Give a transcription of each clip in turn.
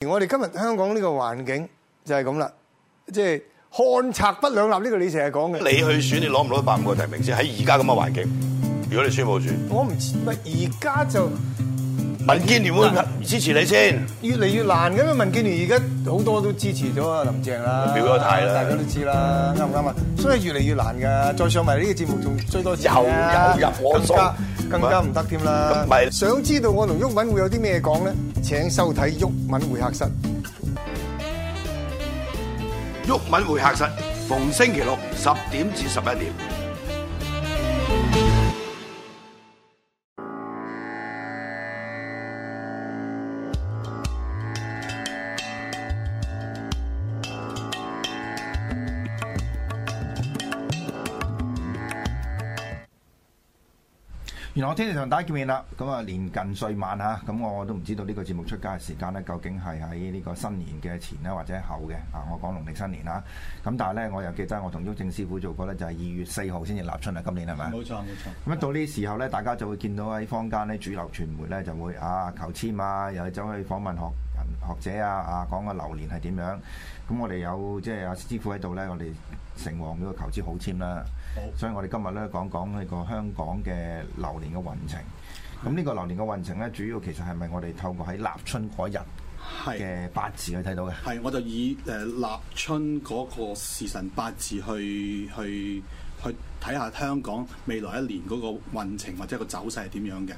而我哋今日香港呢個環境就係咁啦，即係漢賊不兩立呢個你成日講嘅。你去選，你攞唔到一百五個提名先喺，而家咁嘅環境。如果你宣布選，我唔知，係而家就。文建聯會支持你先，越嚟越難咁啊！文建聯而家好多都支持咗啊，林鄭啦，表咗態啦，大家都知啦，啱唔啱啊？對對嗯、所以越嚟越難噶，嗯、再上埋呢個節目、啊，仲最多又入我家，更加唔得添啦。唔係麼，了嗯、想知道我同毓民會有啲咩講咧？請收睇毓民會客室。毓民會客室，逢星期六，十點至十一點。原來我聽日同大家見面啦，咁啊年近歲晚嚇，咁我都唔知道呢個節目出街嘅時間咧，究竟係喺呢個新年嘅前呢，或者後嘅啊？我講農曆新年啦，咁但係呢，我又記得我同毓証師傅做過呢，就係二月四號先至立春啊，今年係咪？冇錯冇錯，咁一到呢時候呢，大家就會見到喺坊間咧主流傳媒呢，就會啊求簽啊，又係走去訪問學。學者啊啊講個流年係點樣？咁我哋有即係阿師傅喺度咧，我哋城隍廟嘅求支好籤啦。Oh. 所以我哋今日咧講講呢個香港嘅流年嘅運程。咁呢個流年嘅運程咧，主要其實係咪我哋透過喺立春嗰日嘅八字去睇到嘅？係，我就以誒、呃、立春嗰個時辰八字去去。去睇下香港未來一年嗰個運程或者個走勢係點樣嘅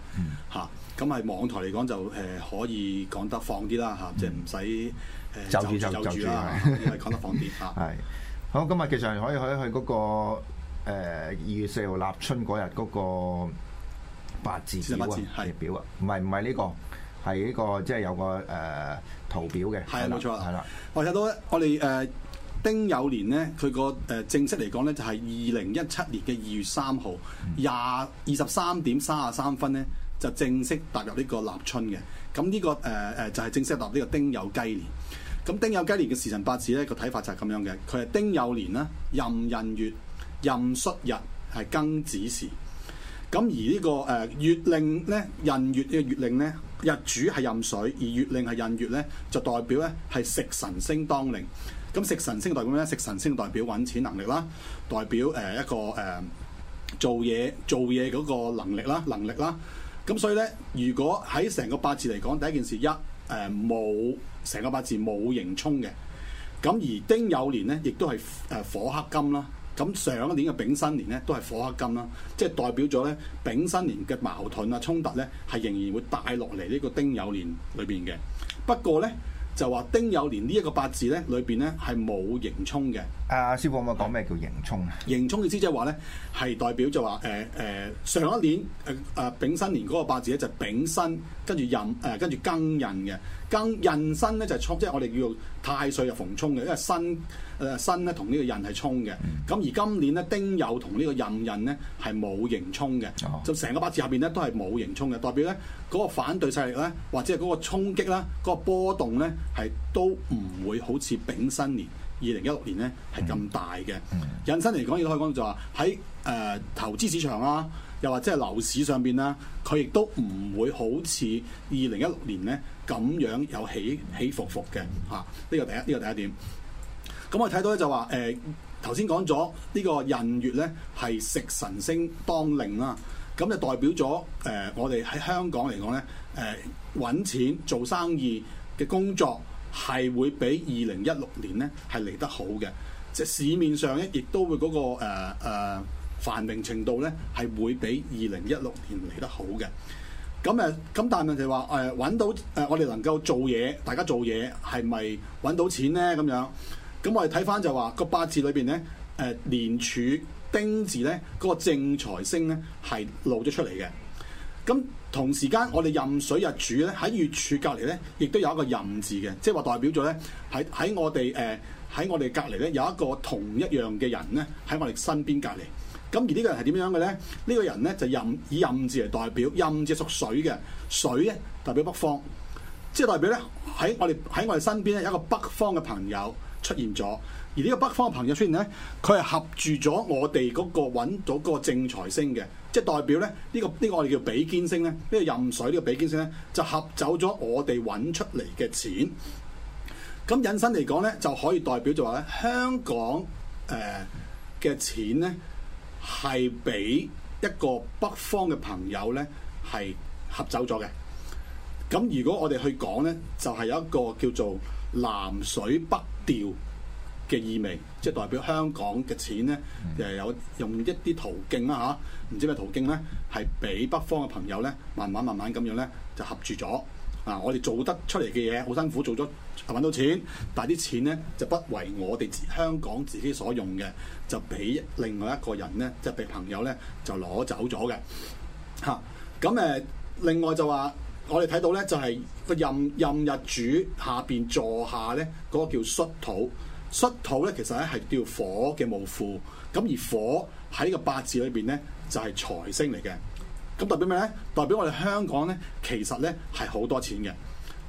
嚇，咁係、mm. 啊、網台嚟講就誒可以講得放啲啦嚇，即係唔使就住就住啦，講得放啲嚇。係好，今日其實可以去去嗰個二月四號立春嗰日嗰個八字字表啊，唔係唔係呢個係呢、呢個即係、呢個即係、有個誒、呃、圖表嘅，係啊冇錯啊，我睇到我哋誒。Uh, 丁酉年呢，佢個誒正式嚟講呢，就係二零一七年嘅二月三號廿二十三點三十三分呢，就正式踏入呢個立春嘅。咁呢、這個誒誒、呃、就係、是、正式踏入呢個丁酉雞年。咁丁酉雞年嘅時辰八字呢，個睇法就係咁樣嘅。佢係丁酉年呢，壬寅月，壬戌日，係庚子時。咁而呢、這個誒、呃、月令呢，壬月呢嘅月令呢，日主係壬水，而月令係壬月呢，就代表呢，係食神星當令。咁食神星代表咩咧？食神星代表揾錢能力啦，代表誒、呃、一個誒、呃、做嘢做嘢嗰個能力啦，能力啦。咁所以咧，如果喺成個八字嚟講，第一件事一誒冇成個八字冇刑沖嘅。咁而丁酉年咧，亦都係誒火克金啦。咁上一年嘅丙申年咧，都係火克金啦，即係代表咗咧丙申年嘅矛盾啊衝突咧，係仍然會帶落嚟呢個丁酉年裏邊嘅。不過咧。就話丁酉年呢一個八字咧，裏邊咧係冇刑沖嘅。阿、啊、師傅可唔可以講咩叫刑沖啊？刑沖嘅意思即係話咧，係代表就話，誒、呃、誒、呃，上一年誒誒丙申年嗰個八字咧就丙申，跟住壬誒跟住庚寅嘅庚寅申咧就沖，即係我哋叫做太歲又逢沖嘅，因為申誒申咧同呢個寅係沖嘅。咁、嗯、而今年咧丁酉同呢個壬寅咧係冇刑沖嘅，哦、就成個八字下邊咧都係冇刑沖嘅，代表咧嗰、那個反對勢力咧，或者嗰個衝擊啦，嗰、那個波動咧係都唔會好似丙申年。二零一六年咧係咁大嘅，引申嚟講，亦都可以講就話喺誒投資市場啦，又或者係樓市上邊啦，佢亦都唔會好似二零一六年咧咁樣有起起伏伏嘅嚇。啊、呢個第一，呢個第一點。咁我睇到咧就話誒，頭先講咗呢個壬月咧係食神星當令啦，咁就代表咗誒、呃、我哋喺香港嚟講咧誒揾錢做生意嘅工作，係會比二零一六年咧係嚟得好嘅，即係市面上咧亦都會嗰、那個誒、呃呃、繁榮程度咧係會比二零一六年嚟得好嘅。咁誒咁但係問題話誒揾到誒、呃、我哋能夠做嘢，大家做嘢係咪揾到錢咧？咁樣咁我哋睇返就話個八字裏邊咧誒年柱丁字咧嗰、那個正財星咧係露咗出嚟嘅。咁同時間，我哋壬水日柱咧，喺月柱隔離咧，亦都有一個壬字嘅，即係話代表咗咧，喺喺我哋誒喺我哋隔離咧有一個同一樣嘅人咧，喺我哋身邊隔離。咁而呢個人係點樣嘅咧？呢個人咧就壬以壬字嚟代表，壬字屬水嘅水咧，代表北方，即係代表咧喺我哋喺我哋身邊咧有一個北方嘅朋友，出現咗，而呢個北方嘅朋友出現呢，佢係合住咗我哋嗰個揾到個正財星嘅，即係代表咧呢、呢個呢、呢個我哋叫比肩星呢，呢、呢個壬水呢、呢個比肩星呢，就合走咗我哋揾出嚟嘅錢。咁、嗯、引申嚟講呢，就可以代表就話咧香港誒嘅、呃、錢呢，係俾一個北方嘅朋友呢，係合走咗嘅。咁、嗯、如果我哋去講呢，就係、是、有一個叫做南水北調嘅意味，即係代表香港嘅錢呢，就有用一啲途徑啦吓，啊，唔知咩途徑呢，係俾北方嘅朋友呢，慢慢慢慢咁樣呢就合住咗啊！我哋做得出嚟嘅嘢好辛苦做，做咗揾到錢，但係啲錢呢就不為我哋香港自己所用嘅，就俾另外一個人呢，即係俾朋友呢就攞走咗嘅吓。咁、啊、誒，另外就話。我哋睇到咧，就係、是、個壬壬日主下邊坐下咧，嗰、那個叫戌土。戌土咧，其實咧係叫火嘅墓庫。咁而火喺呢個八字裏邊咧，就係、是、財星嚟嘅。咁代表咩咧？代表我哋香港咧，其實咧係好多錢嘅，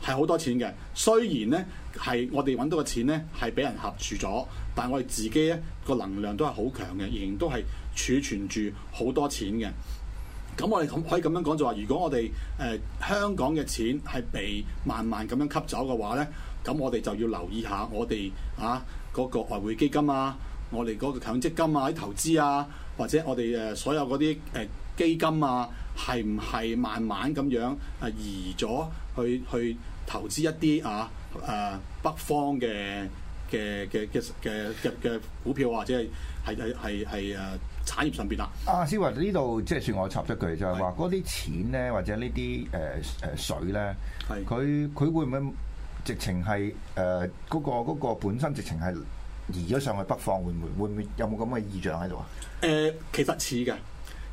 係好多錢嘅。雖然咧係我哋揾到嘅錢咧係俾人合住咗，但係我哋自己咧個能量都係好強嘅，仍然都係儲存住好多錢嘅。咁我哋可可以咁樣講就話，如果我哋誒香港嘅錢係被慢慢咁樣吸走嘅話咧，咁我哋就要留意下我哋啊嗰個外匯基金啊，我哋嗰個強積金啊，啲投資啊，或者我哋誒所有嗰啲誒基金啊，係唔係慢慢咁樣啊移咗去去投資一啲啊誒北方嘅嘅嘅嘅嘅嘅股票或者係係係係誒？產業上邊啦？阿思維呢度即係算我插一句，是就係話嗰啲錢咧，或者、呃、呢啲誒誒水咧，佢佢是會唔會直情係誒嗰個嗰個本身直情係移咗上去北方，會唔會會唔會，會，會有冇咁嘅意象喺度啊？誒、呃，其實似嘅，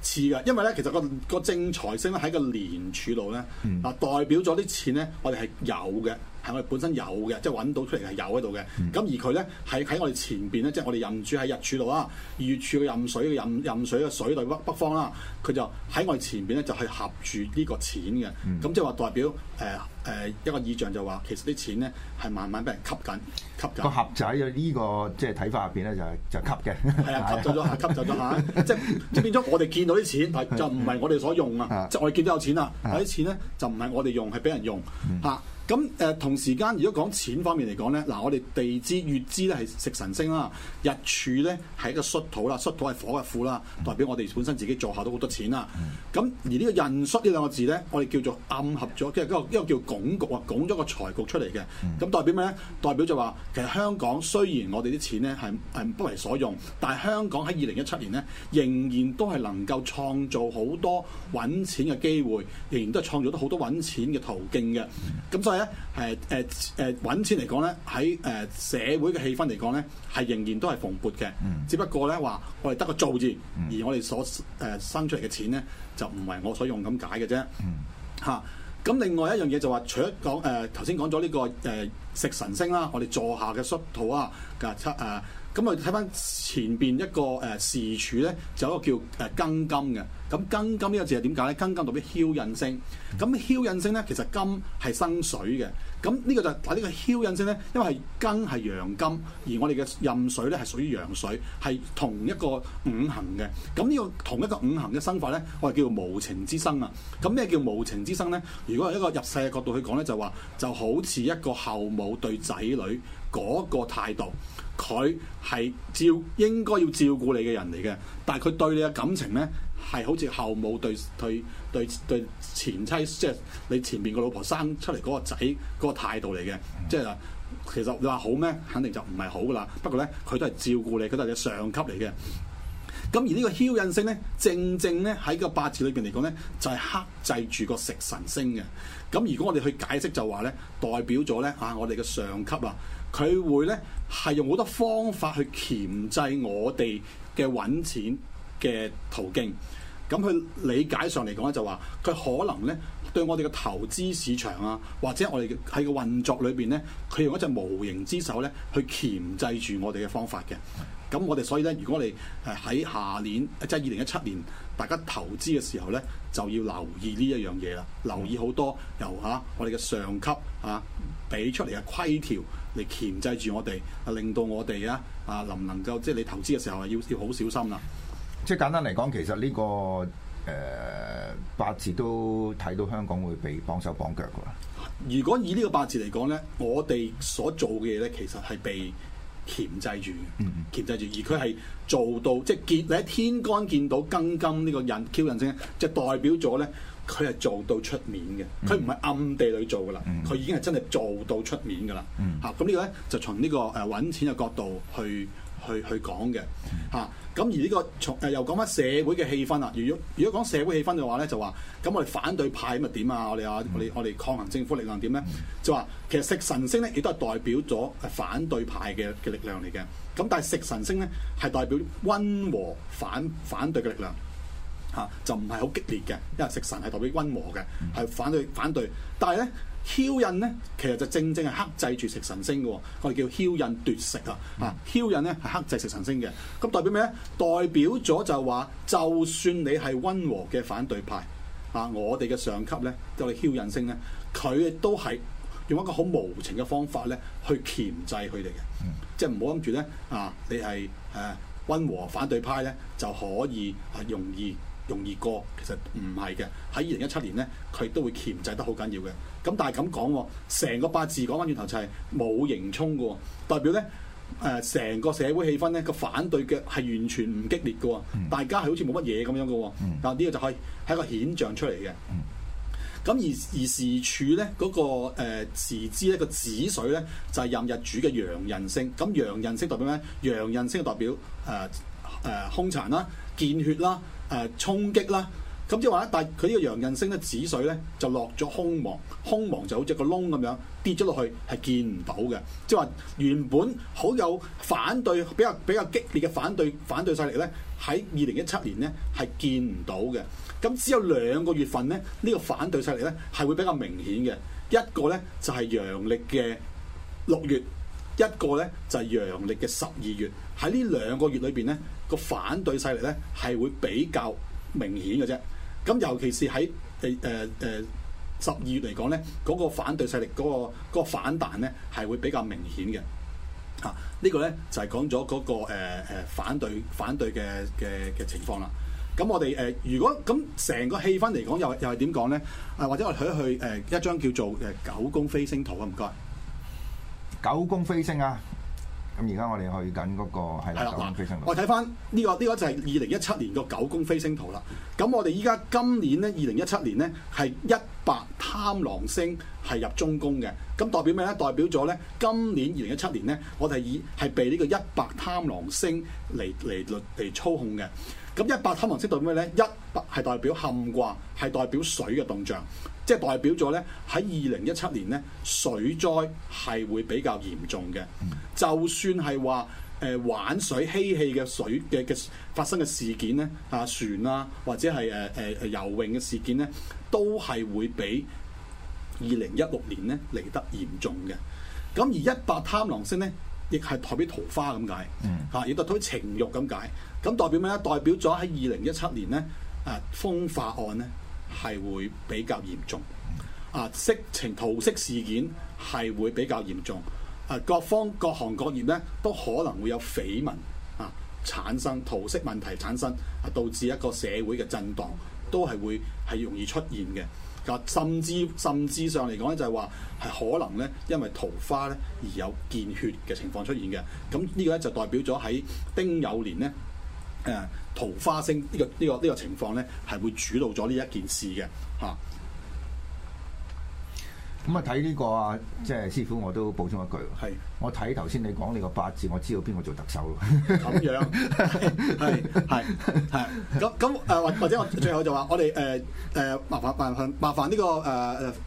似嘅，因為咧，其實、嗰個、嗰個正財星咧喺個年柱度咧，嗱、嗯呃、代表咗啲錢咧，我哋係有嘅。係我哋本身有嘅，即係揾到出嚟係有喺度嘅。咁、嗯、而佢咧係喺我哋前邊咧，即、就、係、是、我哋壬住喺日柱度啊，二月柱嘅壬水嘅壬壬水嘅水喺北北方啦。佢就喺我哋前邊咧，就係合住呢個錢嘅。咁、嗯、即係話代表誒誒、呃呃、一個意象，就話其實啲錢咧係慢慢俾人吸緊吸緊個盒仔喺呢個即係睇法入邊咧，就係、是、就吸嘅。係 啊，吸走咗下，吸走咗下， 即係即係變咗我哋見到啲錢，但係就唔係我哋所用啊。即係、嗯嗯、我哋見到有錢啦，啲錢咧就唔係我哋用，係俾人用吓。嗯嗯咁誒、呃、同時間，如果講錢方面嚟講咧，嗱我哋地支月支咧係食神星啦，日柱咧係一個戌土啦，戌土係火嘅庫啦，代表我哋本身自己做下都好多錢啦。咁、嗯、而呢個印戌呢兩個字咧，我哋叫做暗合咗，即係嗰個一個叫拱局啊，拱咗個財局出嚟嘅。咁代表咩咧？代表就話，其實香港雖然我哋啲錢咧係係不為所用，但係香港喺二零一七年咧，仍然都係能夠創造好多揾錢嘅機會，仍然都係創造咗好多揾錢嘅途徑嘅。咁所咧，誒誒誒揾錢嚟講咧，喺誒、啊、社會嘅氣氛嚟講咧，係仍然都係蓬勃嘅。嗯，mm. 只不過咧話，我哋得個做字，而我哋所誒、啊、生出嚟嘅錢咧，就唔係我所用咁解嘅啫。嗯、mm. 啊，嚇，咁另外一樣嘢就話，除咗講誒頭先講咗呢、這個誒、啊、食神星啦，我哋坐下嘅戌土啊嘅、啊、七誒。啊咁啊，睇翻前邊一個誒時柱咧，就有一個叫誒庚金嘅。咁庚金呢個字係點解咧？庚金代表梟印星。咁梟印星咧，其實金係生水嘅。咁呢個就係呢個梟印先咧，因為係庚係陽金，而我哋嘅壬水咧係屬於陽水，係同一個五行嘅。咁、這、呢個同一個五行嘅生法咧，我哋叫做「無情之生」啊。咁咩叫無情之生咧？如果係一個入世嘅角度去講咧，就話就好似一個後母對仔女嗰個態度，佢係照應該要照顧你嘅人嚟嘅，但係佢對你嘅感情咧。係好似後母對對對對，對前妻，即、就、係、是、你前邊個老婆生出嚟嗰個仔嗰、那個態度嚟嘅，即、就、係、是、其實你話好咩？肯定就唔係好噶啦。不過咧，佢都係照顧你，佢都係你上級嚟嘅。咁而個呢個梟印星咧，正正咧喺個八字裏邊嚟講咧，就係、是、克制住個食神星嘅。咁如果我哋去解釋就話咧，代表咗咧嚇我哋嘅上級啊，佢會咧係用好多方法去鉗制我哋嘅揾錢嘅途徑咁，佢理解上嚟講咧，就話佢可能咧對我哋嘅投資市場啊，或者我哋喺個運作裏邊咧，佢用一隻無形之手咧去鉗制住我哋嘅方法嘅。咁我哋所以咧，如果我哋喺下年即係二零一七年，大家投資嘅時候咧，就要留意呢一樣嘢啦。留意好多由啊，我哋嘅上級啊俾出嚟嘅規條嚟鉗制住我哋，啊令到我哋啊啊能唔能夠即係、就是、你投資嘅時候要要好小心啦、啊。即係簡單嚟講，其實呢、這個誒、呃、八字都睇到香港會被綁手綁腳噶啦。如果以呢個八字嚟講咧，我哋所做嘅嘢咧，其實係被鉗制住嘅，鉗制住。而佢係做到，嗯、即係見你喺天干見到庚金呢個印、鉛印星，就代表咗咧，佢係做到出面嘅。佢唔係暗地裏做噶啦，佢已經係真係做到出面噶啦。嚇、嗯，咁呢個咧就從呢個誒揾錢嘅角度去。去去講嘅嚇，咁、啊、而呢個從誒、啊、又講返社會嘅氣氛啦。如果如果講社會氣氛嘅話咧，就話咁我哋反對派咪點啊？我哋啊，我哋我哋抗衡政府力量點咧？就話其實食神星咧，亦都係代表咗反對派嘅嘅力量嚟嘅。咁但係食神星咧，係代表温和反反對嘅力量嚇、啊，就唔係好激烈嘅，因為食神係代表温和嘅，係反對反對，但係咧。c 印 e 咧，其實就正正係克制住食神星嘅、哦，我哋叫 c 印 e 奪食啊！啊 c o 咧係克制食神星嘅，咁代表咩咧？代表咗就話，就算你係温和嘅反對派啊，我哋嘅上級咧都係 c 印星 r 咧，佢都係用一個好無情嘅方法咧去鉛制佢哋嘅，嗯、即係唔好諗住咧啊，你係誒温和反對派咧就可以啊容易，容易過，其實唔係嘅。喺二零一七年咧，佢都會鉗制得好緊要嘅。咁但係咁講，成個八字講返轉頭就係冇刑沖嘅，代表咧誒成個社會氣氛咧，個反對嘅係完全唔激烈嘅，嗯、大家係好似冇乜嘢咁樣嘅。但呢個就係係一個顯象出嚟嘅。咁、嗯、而而時柱咧嗰、那個誒時支咧，個子水咧就係、是、任日主嘅陽刃星。咁陽刃星代表咩？陽刃星代表誒誒、呃呃呃、兇殘血血啦、見血啦。誒、呃、衝擊啦，咁即係話，但佢呢個陽印星嘅子水呢，就落咗空亡，空亡就好似個窿咁樣跌咗落去，係見唔到嘅。即係話原本好有反對比較比較激烈嘅反對反對勢力呢，喺二零一七年呢，係見唔到嘅。咁只有兩個月份呢，呢、呢個反對勢力呢，係會比較明顯嘅。一個呢，就係陽曆嘅六月，一個呢，就係陽曆嘅十二月。喺呢兩個月裏邊呢。反那個反對勢力咧係、那個、會比較明顯嘅啫，咁尤其是喺誒誒誒十二月嚟講咧、那個，嗰、呃、個反對勢力嗰個反彈咧係會比較明顯嘅。嚇，呢個咧就係講咗嗰個誒反對反對嘅嘅嘅情況啦。咁我哋誒、呃、如果咁成個氣氛嚟講，又又係點講咧？啊，或者我哋睇去誒一、呃、一張叫做誒九宮飛星圖啊，唔該。九宮飛星啊！咁而家我哋去緊、那、嗰個係的九宮飛星。我睇翻呢個呢、這個就係二零一七年個九宮飛星圖啦。咁我哋依家今年咧，二零一七年咧係一白貪狼星係入中宮嘅。咁代表咩咧？代表咗咧，今年二零一七年咧，我哋以係被呢個一白貪狼星嚟嚟嚟操控嘅。咁一白貪狼星代表咩咧？一白係代表坎卦，係代表水嘅動象。即係代表咗咧，喺二零一七年咧，水災係會比較嚴重嘅。就算係話誒玩水嬉戲嘅水嘅嘅發生嘅事件咧，啊船啊或者係誒誒誒游泳嘅事件咧，都係會比二零一六年咧嚟得嚴重嘅。咁而一白貪狼星咧，亦係代表桃花咁解，嚇、嗯，亦、啊、代表情慾咁解。咁代表咩咧？代表咗喺二零一七年咧，啊風化案咧。係會比較嚴重，啊色情桃色事件係會比較嚴重，啊各方各行各業呢，都可能會有緋聞啊產生，桃色問題產生，啊導致一個社會嘅震盪都係會係容易出現嘅，啊甚至甚至上嚟講咧，就係話係可能呢，因為桃花呢而有見血嘅情況出現嘅，咁呢個咧就代表咗喺丁酉年呢。誒、呃。桃花星呢、這個呢、這個呢、這個情況咧，係會主導咗呢一件事嘅吓。咁啊睇呢個啊，即係師傅我都補充一句，係是我睇頭先你講你個八字，我知道邊個做特首。咁樣係係係。咁咁誒，或者或者我最後就話我哋誒誒麻煩麻煩麻煩呢個誒誒、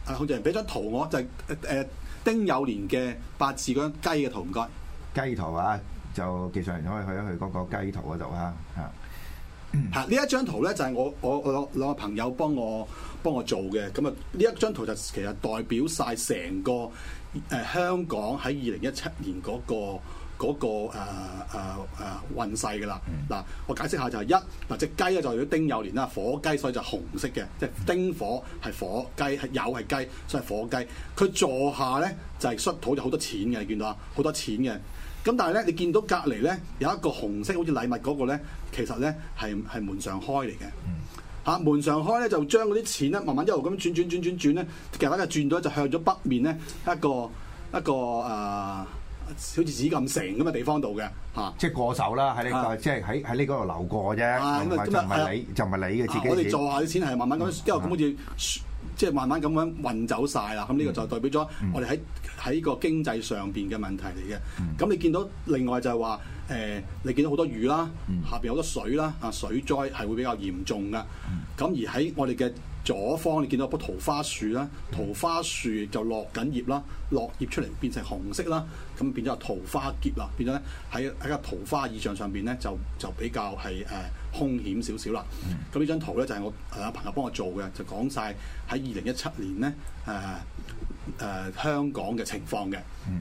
呃、控制人俾張圖我，就誒、是、誒、呃、丁酉年嘅八字嗰張雞嘅圖，唔該。雞圖啊，就技術人可以去一去嗰個雞圖嗰度啊，吓。嚇！呢、嗯、一張圖咧就係、是、我我我兩個朋友幫我幫我做嘅，咁啊呢一張圖就其實代表晒成個誒、呃、香港喺二零一七年嗰、那個嗰、那個誒誒誒運勢㗎啦。嗱、嗯，我解釋下就係一嗱隻雞啊，就係、是、丁酉年啦，火雞，所以就紅色嘅，即、就、係、是、丁火係火雞，係酉係雞，所以火雞。佢座下咧就係、是、出土就好多錢嘅，你見到啊好多錢嘅。咁但係咧，你見到隔離咧有一個紅色好似禮物嗰個咧，其實咧係係門上開嚟嘅，嚇、嗯啊、門上開咧就將嗰啲錢咧慢慢一路咁轉轉轉轉轉咧，其實喺度轉咗就向咗北面咧一個一個誒好似紫禁城咁嘅地方度嘅嚇，啊、即係過手啦喺呢個即係喺喺呢個流過嘅啫，唔係唔係你、啊、就唔係你嘅自己錢、啊、我哋坐下啲錢係慢慢咁一路咁好似。嗯嗯嗯即係慢慢咁樣運走晒啦，咁呢個就代表咗我哋喺喺個經濟上邊嘅問題嚟嘅。咁你見到另外就係話，誒、呃、你見到好多雨啦，嗯、下邊好多水啦，啊水災係會比較嚴重嘅。咁而喺我哋嘅左方你見到棵桃花樹啦，桃花樹就落緊葉啦，落葉出嚟變成紅色啦，咁變咗係桃花劫啦，變咗咧喺喺個桃花意象上邊咧就就比較係誒凶險少少啦。咁呢、嗯、張圖咧就係我誒朋友幫我做嘅，就講晒喺二零一七年咧誒誒香港嘅情況嘅。嗯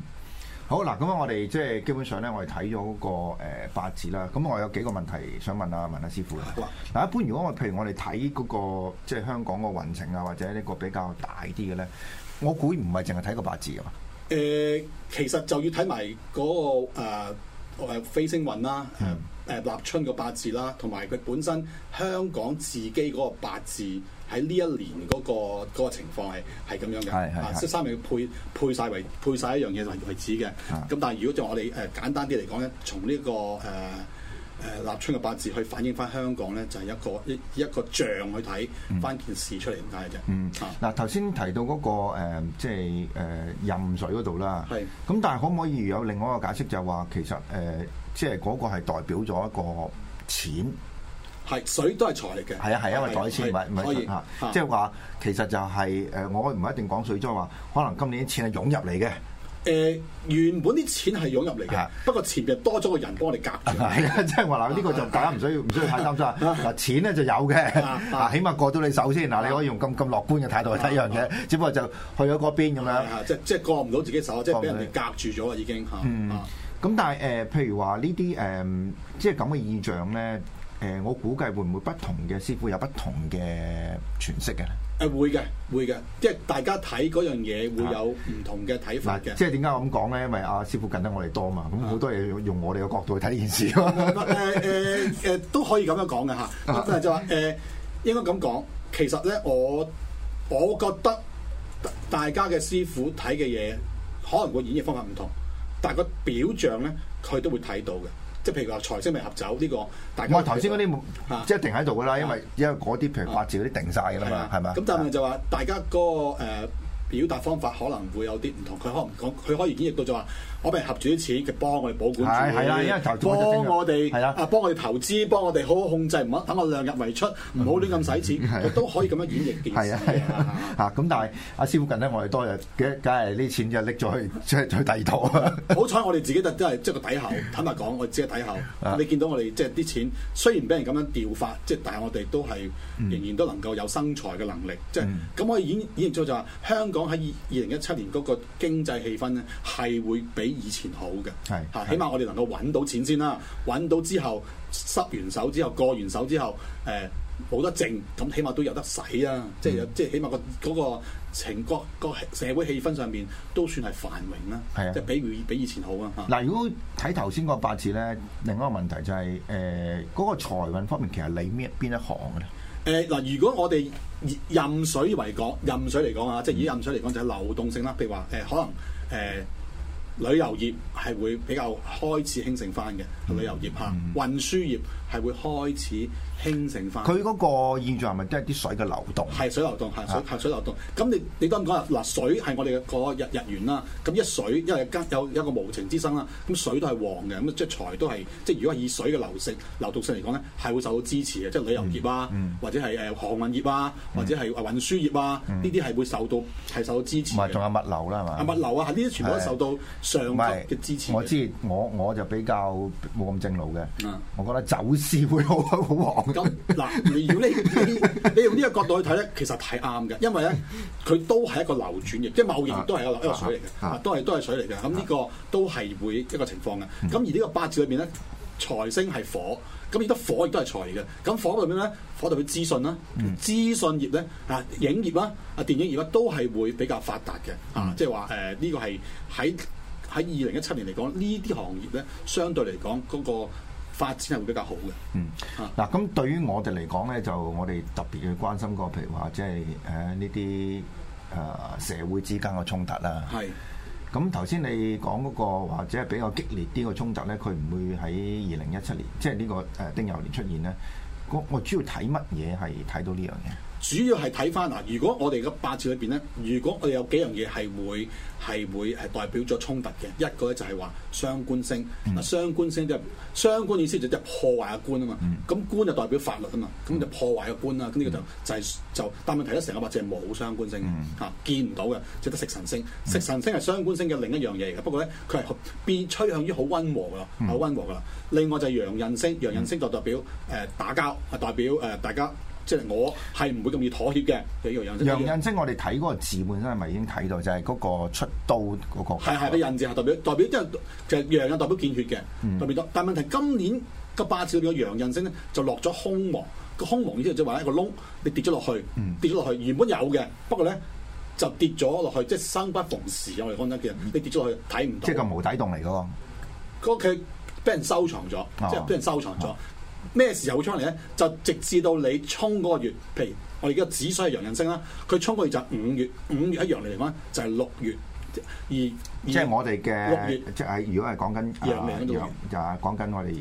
好嗱，咁啊，我哋即係基本上咧，我哋睇咗嗰個八字啦。咁我有幾個問題想問下問下師傅啦。嗱、嗯，一般如果我譬如我哋睇嗰個即係香港個運程啊，或者呢個比較大啲嘅咧，我估唔係淨係睇個八字噶嘛。誒、呃，其實就要睇埋嗰個誒誒飛星運啦，誒、呃、立春個八字啦，同埋佢本身香港自己嗰個八字。喺呢一年嗰個嗰個情況係係咁樣嘅，即係三樣配配曬為配曬一樣嘢為止嘅。咁的但係如果就我哋誒簡單啲嚟講咧，從呢個誒誒立春嘅八字去反映翻香港咧，就係一個一一個象去睇翻件事出嚟咁解嘅啫。嗯，嗱頭先提到嗰個即係誒壬水嗰度啦。係的。咁但係可唔可以有另外一個解釋？就係話其實誒即係嗰個係代表咗一個錢。係水都係財力嘅，係啊，係啊，因為袋錢唔係唔係嚇，即係話其實就係誒，我唔一定講水災話，可能今年啲錢係湧入嚟嘅。誒原本啲錢係湧入嚟嘅，不過前面多咗個人幫你哋隔住。即係話嗱，呢個就大家唔需要唔需要太擔心嗱，錢咧就有嘅，起碼過到你手先。嗱，你可以用咁咁樂觀嘅態度去睇一樣嘅，只不過就去咗嗰邊咁樣。即即係過唔到自己手，即係俾人哋隔住咗已經嚇。咁但係誒，譬如話呢啲誒，即係咁嘅意象咧。誒、呃，我估計會唔會不同嘅師傅有不同嘅詮釋嘅？誒、呃，會嘅，會嘅，即係大家睇嗰樣嘢會有唔同嘅睇法嘅。即係點解我咁講咧？因為阿、啊、師傅近得我哋多嘛，咁好、啊、多嘢用我哋嘅角度去睇呢件事。誒誒誒，都可以咁樣講嘅吓。啊啊、即係就話誒、呃，應該咁講，其實咧我我覺得大家嘅師傅睇嘅嘢，可能會演繹方法唔同，但係個表象咧，佢都會睇到嘅。即係譬如話財星未合走呢個，大家。我頭先嗰啲即係定喺度噶啦，因為因為嗰啲譬如八字嗰啲定晒噶啦嘛，係嘛、啊？咁吧、嗯、但係就話大家、個誒。呃表達方法可能會有啲唔同，佢可能講，佢可以演繹到就話，我俾人合住啲錢，佢幫我哋保管住，幫我哋，啊幫我哋投資，幫我哋好好控制，唔好等我量入為出，唔好亂咁使錢，佢都可以咁樣演繹件事。係啊，嚇咁但係，阿師傅近呢，我哋多日嘅，梗係啲錢就拎咗去，即係去第二度。好彩我哋自己就都係即係個底後，坦白講，我只係底後。你見到我哋即係啲錢雖然俾人咁樣掉發，即係但係我哋都係仍然都能夠有生財嘅能力。即係咁，我演演繹咗就話香港。講喺二零一七年嗰個經濟氣氛咧，係會比以前好嘅。係吓，起碼我哋能夠揾到錢先啦。揾到之後，濕完手之後，過完手之後，誒、呃，冇得剩，咁起碼都有得使啊。即係、嗯，即係起碼個嗰個情嗰個、那個、社會氣氛，上面都算係繁榮啦。係啊，啊即係比比以前好啊。嗱、啊，如果睇頭先個八字咧，另一個問題就係、是，誒、呃，嗰、那個財運方面其實你咩邊一行咧？誒嗱、呃，如果我哋以任水為講，任水嚟講啊，即係以任水嚟講，就係流動性啦。譬如話，誒、呃、可能誒、呃、旅遊業係會比較開始興盛翻嘅、嗯、旅遊業嚇，運輸業。嗯係會開始興盛返。佢嗰個現象係咪都係啲水嘅流動？係水流動，係水係水流動。咁你你講唔講啊？嗱，水係我哋嘅個日日元啦。咁一水因為吉有一個無情之生啦。咁水都係黃嘅，咁即係財都係即係如果以水嘅流食，流動性嚟講咧，係會受到支持嘅，嗯、即係旅遊業啊，嗯、或者係誒航運業啊，或者係運輸業啊，呢啲係會受到係受到支持。唔係，仲有物流啦，係嘛？物流啊，呢啲全部都受到上級嘅支持。我知，我我就比較冇咁正路嘅。嗯、我覺得走。事會好黑好黃咁。嗱，如果呢呢你用呢個角度去睇咧，其實係啱嘅，因為咧佢都係一個流轉業，即係貿易都係一個一個水嚟嘅，啊啊，都係都係水嚟嘅。咁呢個都係會一個情況嘅。咁而呢個八字裏邊咧，財星係火，咁而得火亦都係財嚟嘅。咁火裏邊咧，火代表資訊啦，資訊業咧啊，影業啦，啊電影業啦，都係會比較發達嘅啊。即係話誒，呢、呃呢個係喺喺二零一七年嚟講，呢啲行業咧，相對嚟講嗰、嗰個。發展係會比較好嘅。嗯，嗱，咁對於我哋嚟講呢，就我哋特別去關心過，譬如話即係誒呢啲誒社會之間嘅衝突啦。係是。咁頭先你講嗰個或者係比較激烈啲嘅衝突呢，佢唔會喺二零一七年，即係呢個誒丁酉年出現呢。我我主要睇乜嘢係睇到呢樣嘢？主要係睇翻嗱，如果我哋嘅八字裏邊咧，如果我哋有幾樣嘢係會係會係代表咗衝突嘅，一個咧就係話傷官星，嗱傷官星即係傷官意思就即係破壞個官啊嘛，咁官、嗯、就代表法律啊嘛，咁就破壞個官啦，咁呢、嗯、個就係、就就但問題咧成個八字冇傷官星、嗯、啊，見唔到嘅，只得食神星，嗯、食神星係傷官星嘅另一樣嘢嚟嘅，不過咧佢係變趨向於好溫和噶啦，好溫和噶啦。另外就係羊刃星，羊刃星就代表誒打交、呃呃呃呃呃，代表誒大家。即係我係唔會咁易妥協嘅。羊印星，羊印星，我哋睇嗰個字本身係咪已經睇到就係、是、嗰個出刀嗰個？係係，個印字係代表代表即係羊啊，代表，代表見血嘅，特別多。但問題今年個八字嗰個羊印星咧，就落咗空亡。個空亡呢就即係話一個窿，你跌咗落去，跌咗落去，原本有嘅，不過咧就跌咗落去，即係生不逢時啊！我哋講得嘅，你跌咗落去睇唔到。嗯、即係個無底洞嚟㗎喎。嗰佢俾人收藏咗，即係俾人收藏咗。哦哦。咩時候會出嚟咧？就直至到你衝嗰個月，譬如我哋而家個指數係陽人星啦，佢衝嗰月就五月，五月喺陽曆嚟講就係六月，而即係我哋嘅六月，即係月如果係講緊陽，就係講緊我哋。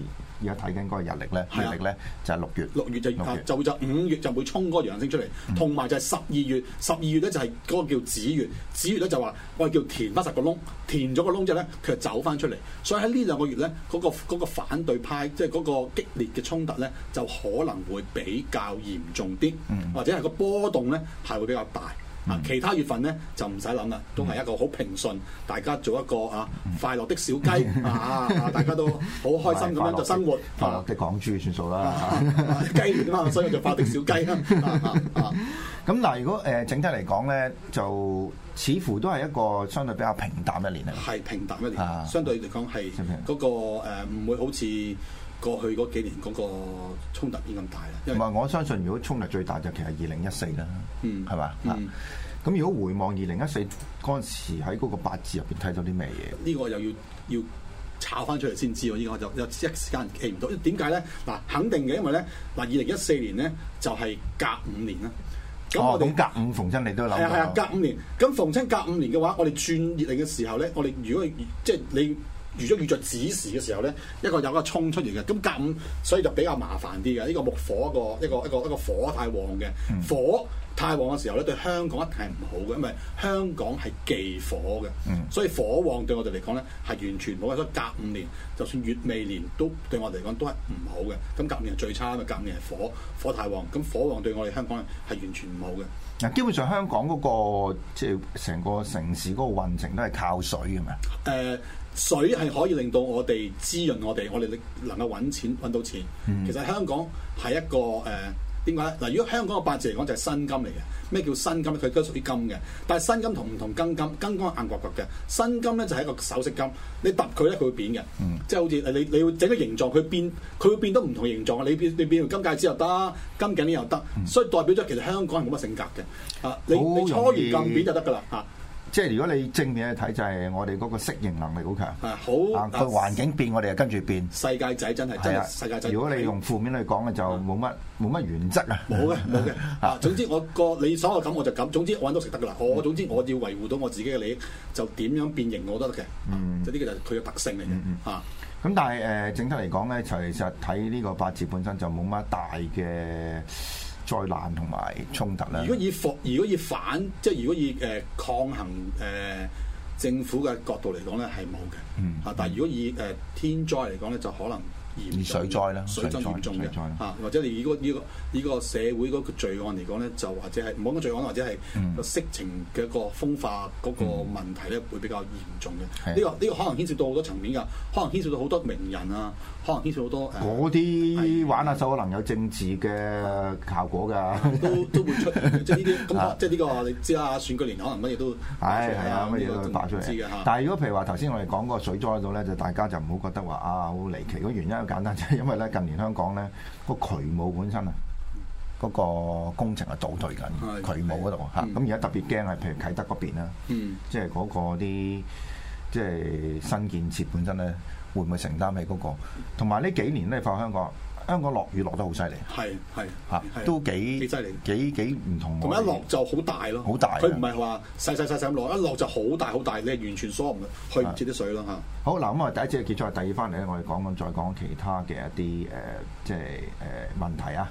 而家睇緊嗰個日曆咧，日曆咧就係六月，六月就啊月就會就五月就會衝嗰個陽星出嚟，同埋、嗯、就係十二月，十二月咧就係嗰個叫子月，子月咧就話我係叫填翻十個窿，填咗個窿之後咧佢就走翻出嚟，所以喺呢兩個月咧嗰、嗰個嗰個反對派即係嗰個激烈嘅衝突咧就可能會比較嚴重啲，嗯、或者係個波動咧係會比較大。啊！其他月份咧就唔使諗啦，都係一個好平順，大家做一個啊、嗯、快樂的小雞啊！大家都好開心咁樣就生活快樂、啊、快樂的港豬算數啦、啊啊啊！雞年啊，所以就快樂的小雞啊！咁、啊、嗱，如果誒、呃、整體嚟講咧，就似乎都係一個相對比較平淡一年啊，係平淡一年，啊、相對嚟講係嗰個唔、呃、會好似。過去嗰幾年嗰個衝突已經咁大啦，唔係，我相信如果衝突最大就其實二零一四啦，係嘛？咁如果回望二零一四嗰陣時喺嗰個八字入邊睇到啲咩嘢？呢個又要要炒翻出嚟先知喎，呢個就一時間記唔到。點解咧？嗱，肯定嘅，因為咧嗱，二零一四年咧就係隔五年啦。哦，咁我哋隔五逢親你都諗。係啊係啊，隔五年。咁逢親隔五年嘅話，我哋轉熱嚟嘅時候咧，我哋如果即係你。預咗預著指示嘅時候咧，一個有一個衝出嚟嘅，咁甲午所以就比較麻煩啲嘅。呢個木火一個一個一個一個火太旺嘅、嗯、火太旺嘅時候咧，對香港一定係唔好嘅，因為香港係忌火嘅，嗯、所以火旺對我哋嚟講咧係完全冇。所以甲午年就算乙未年都對我哋嚟講都係唔好嘅。咁甲午年係最差嘅，甲午年係火火太旺，咁火旺對我哋香港係完全唔好嘅。嗱，基本上香港嗰、那個即係成個城市嗰個運程都係靠水嘅嘛。誒、呃。水係可以令到我哋滋潤我哋，我哋能能夠揾錢揾到錢。嗯、其實香港係一個誒點解嗱，如果香港嘅八字嚟講就係新金嚟嘅。咩叫新金佢都屬於金嘅。但係新金同唔同金金？金金硬掘掘嘅，新金咧就係一個首飾金。你揼佢咧，佢會變嘅，即係、嗯、好似你你會整個形狀，佢變佢會變到唔同形狀啊！你變你變到金戒指又得，金頸鏈又得，嗯、所以代表咗其實香港係冇乜性格嘅。啊，你你搓完咁扁就得㗎啦嚇。即係如果你正面去睇，就係、是、我哋嗰個適應能力好強、啊。好，個、啊、環境變，我哋就跟住變。世界仔真係，真係對世界仔。如果你用負面去講咧，是的 就冇乜冇乜原則啊的。冇嘅，冇嘅。啊，總之我個你所有咁，我就咁。總之我揾到食得㗎啦。我、嗯、總之我要維護到我自己嘅利益，就點樣變形我都得嘅。嗯。就呢個就係佢嘅特性嚟嘅。啊。咁但係誒，整體嚟講咧，其實睇呢個八字本身就冇乜大嘅。災難同埋衝突咧，如果以反，如果以反，即係如果以誒、呃、抗衡誒、呃、政府嘅角度嚟講咧，係冇嘅。嗯，嚇、啊，但係如果以誒、呃、天災嚟講咧，就可能。水災啦，水災嚴重嘅嚇，或者你如果呢個呢個社會嗰個罪案嚟講咧，就或者係冇乜罪案，或者係色情嘅一個風化嗰個問題咧，會比較嚴重嘅。呢個呢個可能牽涉到好多層面㗎，可能牽涉到好多名人啊，可能牽涉好多嗰啲玩下手可能有政治嘅效果㗎，都都會出，即係呢啲咁，即係呢個你知啊，選舉年可能乜嘢都，係係啊乜嘢都爆出嚟。但係如果譬如話頭先我哋講個水災嗰度咧，就大家就唔好覺得話啊好離奇，原因。簡單，就係因為咧近年香港咧個渠務本身啊，嗰個工程啊倒退緊，的渠務嗰度嚇。咁而家特別驚係譬如啟德嗰邊啦，即係嗰個啲即係新建設本身咧，會唔會承擔起嗰、那個？同埋呢幾年咧，放香港。香港落雨落得好犀利，係係嚇都幾的幾犀利，幾幾唔同。咁一落就好大咯，好大。佢唔係話細細細細咁落，一落就好大好大，你完全疏唔去唔切啲水啦嚇的、啊。好嗱，咁啊，第一節嘅結束，第二翻嚟咧，我哋講講再講其他嘅一啲誒、呃，即係誒、呃、問題啊。